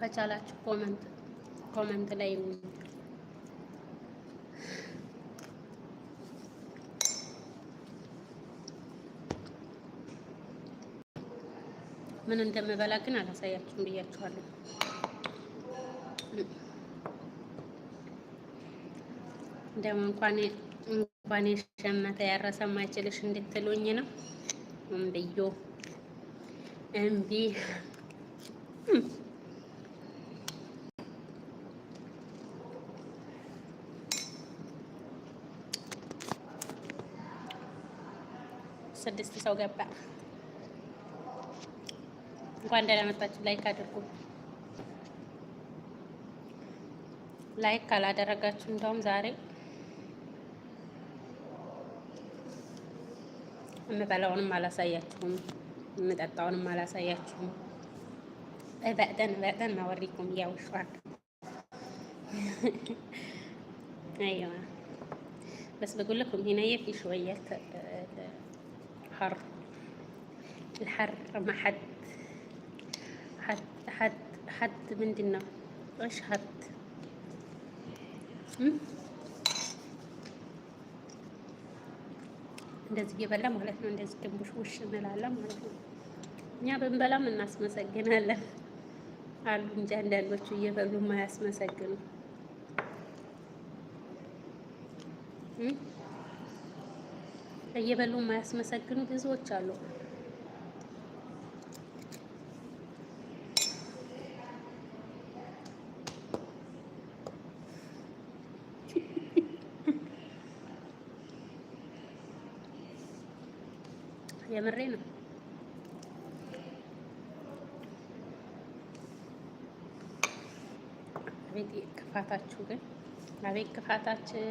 ከቻላችሁ ኮመንት ኮመንት ላይ ምን እንደምበላ ግን አላሳያችሁም ብያችኋለሁ። ደግሞ እንኳን እንኳን የሸመተ ያረሰ ማይችልሽ እንድትሉኝ ነው። እምብዮ እምቢ ስድስት ሰው ገባ። እንኳን ደህና መጣችሁ። ላይክ አድርጉ። ላይክ አላደረጋችሁ እንደውም ዛሬ የምበላውንም አላሳያችሁም፣ የምጠጣውንም አላሳያችሁም። በእጠን በእጠን ማወሪኩም እያውሸዋል ايوه بس بقول لكم هنا في شوية حر الحر ما حد حد حد حد ምንድን ነው? እንደዚህ እየበላ ማለት ነው። እንደዚህ ግንቡሽ ውሽ እንላለን ማለት ነው። እኛ ብንበላም እናስመሰግናለን አሉ እንጂ አንዳንዶቹ እየበሉ ማያስመሰግኑ እየበሉ የማያስመሰግኑ ብዙዎች አሉ። የምሬ ነው። አቤት ክፋታችሁ ግን አቤት ክፋታችሁ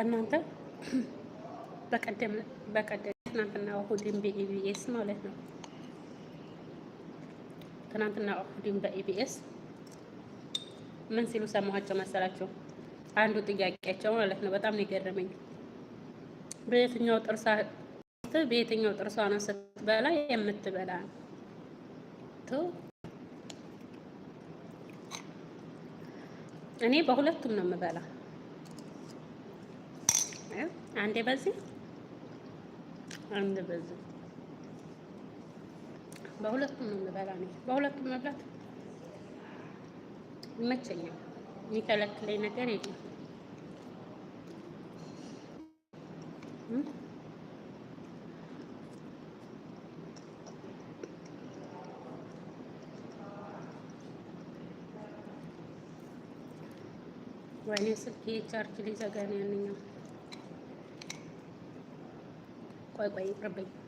እናንተ በቀደም በቀደም ትናንትና እሑድን በኢቢኤስ ማለት ነው። ትናንትና እሑድን በኢቢኤስ ምን ሲሉ ሰማኋቸው መሰላቸው? አንዱ ጥያቄያቸው ማለት ነው። በጣም ነው የገረመኝ። በየትኛው ጥርሷ በየትኛው ጥርሷ ነው ስትበላ የምትበላ ቱ እኔ በሁለቱም ነው የምበላ አንዴ በዚህ አንድ በዚህ በሁለቱም ነው የምበላ ነው። በሁለቱም መብላት ይመቸኛል። የሚከለክለኝ ነገር የለም። ወይኔ ስልክ ቻርጅ ሊዘጋ ነው ያንኛው quay quay Robin